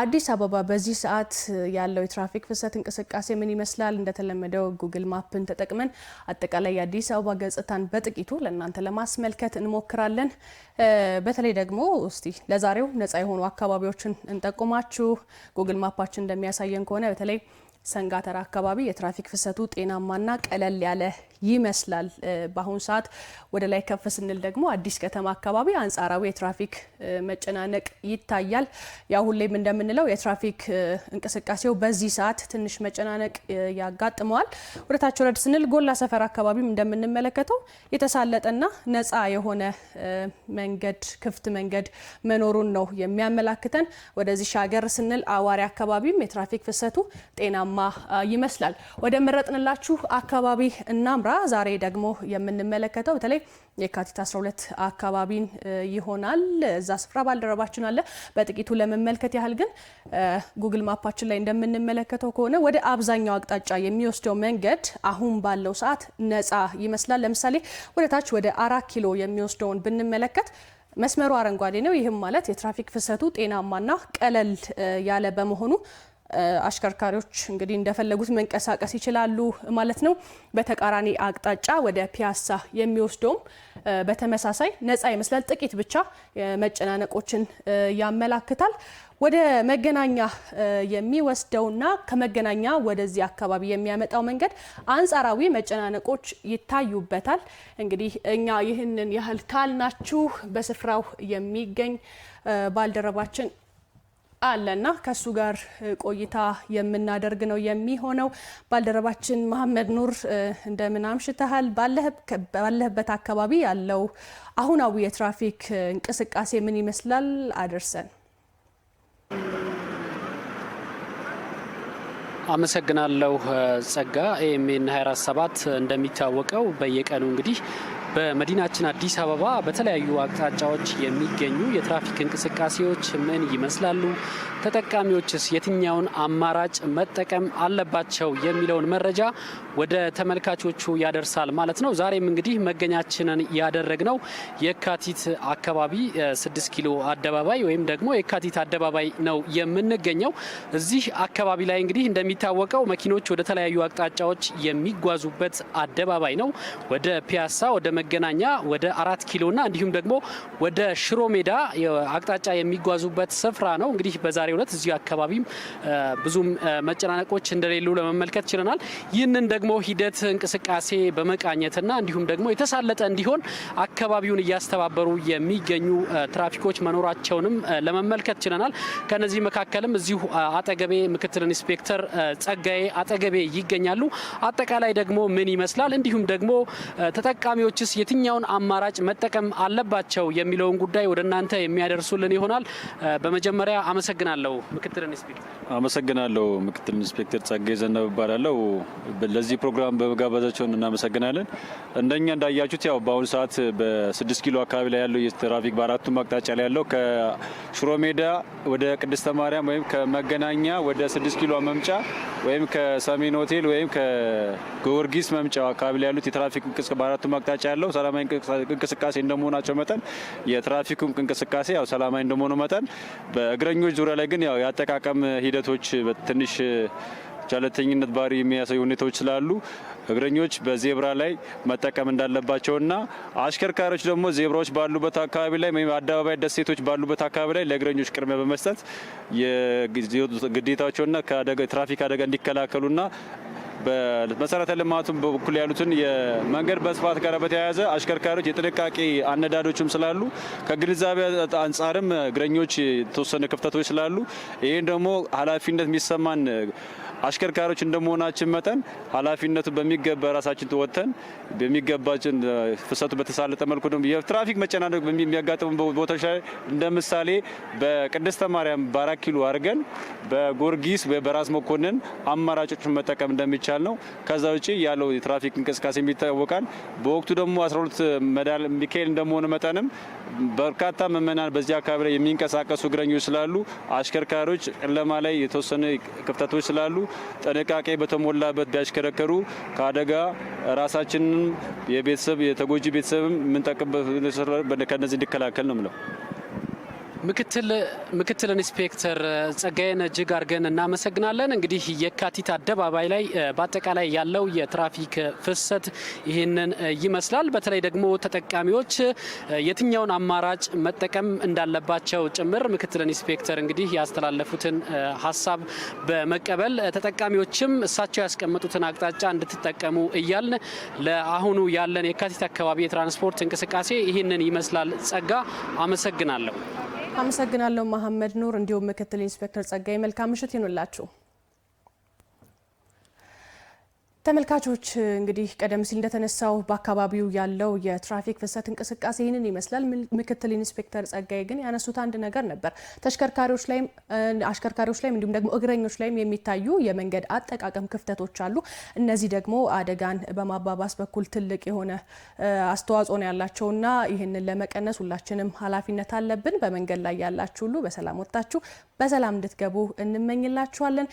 አዲስ አበባ በዚህ ሰዓት ያለው የትራፊክ ፍሰት እንቅስቃሴ ምን ይመስላል? እንደተለመደው ጉግል ማፕን ተጠቅመን አጠቃላይ የአዲስ አበባ ገጽታን በጥቂቱ ለእናንተ ለማስመልከት እንሞክራለን። በተለይ ደግሞ እስቲ ለዛሬው ነጻ የሆኑ አካባቢዎችን እንጠቁማችሁ። ጉግል ማፓችን እንደሚያሳየን ከሆነ በተለይ ሰንጋተራ አካባቢ የትራፊክ ፍሰቱ ጤናማና ቀለል ያለ ይመስላል። በአሁኑ ሰዓት ወደ ላይ ከፍ ስንል ደግሞ አዲስ ከተማ አካባቢ አንጻራዊ የትራፊክ መጨናነቅ ይታያል። ያው ሁሌም እንደምንለው የትራፊክ እንቅስቃሴው በዚህ ሰዓት ትንሽ መጨናነቅ ያጋጥመዋል። ወደ ታች ወረድ ስንል ጎላ ሰፈር አካባቢም እንደምንመለከተው የተሳለጠና ነፃ የሆነ መንገድ ክፍት መንገድ መኖሩን ነው የሚያመላክተን። ወደዚህ ሻገር ስንል አዋሪ አካባቢም የትራፊክ ፍሰቱ ጤናማ ይመስላል። ወደ መረጥንላችሁ አካባቢ እናምራ። ስናወራ ዛሬ ደግሞ የምንመለከተው በተለይ የካቲት 12 አካባቢን ይሆናል። እዛ ስፍራ ባልደረባችን አለ። በጥቂቱ ለመመልከት ያህል ግን ጉግል ማፓችን ላይ እንደምንመለከተው ከሆነ ወደ አብዛኛው አቅጣጫ የሚወስደው መንገድ አሁን ባለው ሰዓት ነፃ ይመስላል። ለምሳሌ ወደ ታች ወደ አራት ኪሎ የሚወስደውን ብንመለከት መስመሩ አረንጓዴ ነው። ይህም ማለት የትራፊክ ፍሰቱ ጤናማና ቀለል ያለ በመሆኑ አሽከርካሪዎች እንግዲህ እንደፈለጉት መንቀሳቀስ ይችላሉ ማለት ነው። በተቃራኒ አቅጣጫ ወደ ፒያሳ የሚወስደውም በተመሳሳይ ነጻ ይመስላል። ጥቂት ብቻ መጨናነቆችን ያመላክታል። ወደ መገናኛ የሚወስደውና ከመገናኛ ወደዚህ አካባቢ የሚያመጣው መንገድ አንጻራዊ መጨናነቆች ይታዩበታል። እንግዲህ እኛ ይህንን ያህል ካልናችሁ በስፍራው የሚገኝ ባልደረባችን አለና ከእሱ ጋር ቆይታ የምናደርግ ነው የሚሆነው። ባልደረባችን መሐመድ ኑር እንደምን አምሽተሃል? ባለህበት አካባቢ ያለው አሁናዊ የትራፊክ እንቅስቃሴ ምን ይመስላል? አደርሰን። አመሰግናለሁ ጸጋ። ኤኤምኤን 24 እንደሚታወቀው በየቀኑ እንግዲህ በመዲናችን አዲስ አበባ በተለያዩ አቅጣጫዎች የሚገኙ የትራፊክ እንቅስቃሴዎች ምን ይመስላሉ? ተጠቃሚዎችስ የትኛውን አማራጭ መጠቀም አለባቸው? የሚለውን መረጃ ወደ ተመልካቾቹ ያደርሳል ማለት ነው። ዛሬም እንግዲህ መገኛችንን ያደረግነው የካቲት አካባቢ ስድስት ኪሎ አደባባይ ወይም ደግሞ የካቲት አደባባይ ነው የምንገኘው። እዚህ አካባቢ ላይ እንግዲህ እንደሚታወቀው መኪኖች ወደ ተለያዩ አቅጣጫዎች የሚጓዙበት አደባባይ ነው። ወደ ፒያሳ ወደ መገናኛ ወደ አራት ኪሎና እንዲሁም ደግሞ ወደ ሽሮ ሜዳ አቅጣጫ የሚጓዙበት ስፍራ ነው። እንግዲህ በዛሬው ዕለት እዚሁ አካባቢም ብዙም መጨናነቆች እንደሌሉ ለመመልከት ችለናል። ይህንን ደግሞ ሂደት እንቅስቃሴ በመቃኘትና እንዲሁም ደግሞ የተሳለጠ እንዲሆን አካባቢውን እያስተባበሩ የሚገኙ ትራፊኮች መኖራቸውንም ለመመልከት ችለናል። ከነዚህ መካከልም እዚሁ አጠገቤ ምክትል ኢንስፔክተር ጸጋዬ አጠገቤ ይገኛሉ። አጠቃላይ ደግሞ ምን ይመስላል እንዲሁም ደግሞ ተጠቃሚዎች መንግስት የትኛውን አማራጭ መጠቀም አለባቸው የሚለውን ጉዳይ ወደ እናንተ የሚያደርሱልን ይሆናል። በመጀመሪያ አመሰግናለሁ ምክትል ኢንስፔክተር። አመሰግናለሁ ምክትል ኢንስፔክተር ጸጋዬ ዘነብ እባላለሁ። ለዚህ ፕሮግራም በመጋበዛቸውን እናመሰግናለን። እንደኛ እንዳያችሁት ያው በአሁኑ ሰዓት በስድስት ኪሎ አካባቢ ላይ ያለው የትራፊክ በአራቱም አቅጣጫ ላይ ያለው ከሽሮ ሜዳ ወደ ቅድስተ ማርያም ወይም ከመገናኛ ወደ ስድስት ኪሎ መምጫ ወይም ከሰሜን ሆቴል ወይም ከጊዮርጊስ መምጫ አካባቢ ላይ ያሉት የትራፊክ እንቅስቃሴ በአራቱም አቅጣጫ ያለው ሰላማዊ እንቅስቃሴ እንደመሆናቸው መጠን የትራፊኩም እንቅስቃሴ ያው ሰላማዊ እንደመሆኑ መጠን በእግረኞች ዙሪያ ላይ ግን ያው የአጠቃቀም ሂደቶች ትንሽ ቸልተኝነት ባህሪ የሚያሳዩ ሁኔታዎች ስላሉ እግረኞች በዜብራ ላይ መጠቀም እንዳለባቸውና አሽከርካሪዎች ደግሞ ዜብራዎች ባሉበት አካባቢ ላይ ወይም አደባባይ ደሴቶች ባሉበት አካባቢ ላይ ለእግረኞች ቅድሚያ በመስጠት የግዴታቸውና ትራፊክ አደጋ እንዲከላከሉና መሰረተ ልማቱን በኩል ያሉትን የመንገድ በስፋት ጋር በተያያዘ አሽከርካሪዎች የጥንቃቄ አነዳዶችም ስላሉ ከግንዛቤ አንጻርም እግረኞች የተወሰነ ክፍተቶች ስላሉ ይህን ደግሞ ኃላፊነት የሚሰማን አሽከርካሪዎች እንደመሆናችን መጠን ኃላፊነቱ በሚገባ ራሳችን ወጥተን በሚገባችን ፍሰቱ በተሳለጠ መልኩ ደግሞ የትራፊክ መጨናነቅ የሚያጋጥሙ ቦታዎች ላይ እንደ ምሳሌ በቅድስተ ማርያም በአራት ኪሎ አድርገን በጎርጊስ በራስ መኮንን አማራጮችን መጠቀም እንደሚቻል ነው። ከዛ ውጭ ያለው የትራፊክ እንቅስቃሴ ይታወቃል። በወቅቱ ደግሞ 12 መዳል ሚካኤል እንደመሆኑ መጠንም በርካታ ምዕመናን በዚህ አካባቢ ላይ የሚንቀሳቀሱ እግረኞች ስላሉ አሽከርካሪዎች ቀለማ ላይ የተወሰነ ክፍተቶች ስላሉ ጥንቃቄ በተሞላበት ቢያሽከረከሩ ከአደጋ ራሳችንም የቤተሰብ የተጎጂ ቤተሰብም የምንጠቅበት ከነዚህ እንዲከላከል ነው ምለው። ምክትል ኢንስፔክተር ጸጋዬን እጅግ አድርገን እናመሰግናለን። እንግዲህ የካቲት አደባባይ ላይ በአጠቃላይ ያለው የትራፊክ ፍሰት ይህንን ይመስላል። በተለይ ደግሞ ተጠቃሚዎች የትኛውን አማራጭ መጠቀም እንዳለባቸው ጭምር ምክትል ኢንስፔክተር እንግዲህ ያስተላለፉትን ሀሳብ በመቀበል ተጠቃሚዎችም እሳቸው ያስቀመጡትን አቅጣጫ እንድትጠቀሙ እያልን ለአሁኑ ያለን የካቲት አካባቢ የትራንስፖርት እንቅስቃሴ ይህንን ይመስላል። ጸጋ አመሰግናለሁ። አመሰግናለሁ መሐመድ ኑር፣ እንዲሁም ምክትል ኢንስፔክተር ጸጋይ መልካም ምሽት ይኑላችሁ። ተመልካቾች እንግዲህ ቀደም ሲል እንደተነሳው በአካባቢው ያለው የትራፊክ ፍሰት እንቅስቃሴ ይህንን ይመስላል። ምክትል ኢንስፔክተር ጸጋይ ግን ያነሱት አንድ ነገር ነበር። ተሽከርካሪዎች ላይም አሽከርካሪዎች ላይም እንዲሁም ደግሞ እግረኞች ላይም የሚታዩ የመንገድ አጠቃቀም ክፍተቶች አሉ። እነዚህ ደግሞ አደጋን በማባባስ በኩል ትልቅ የሆነ አስተዋጽኦ ነው ያላቸውና ይህንን ለመቀነስ ሁላችንም ኃላፊነት አለብን። በመንገድ ላይ ያላችሁ ሁሉ በሰላም ወጥታችሁ በሰላም እንድትገቡ እንመኝላችኋለን።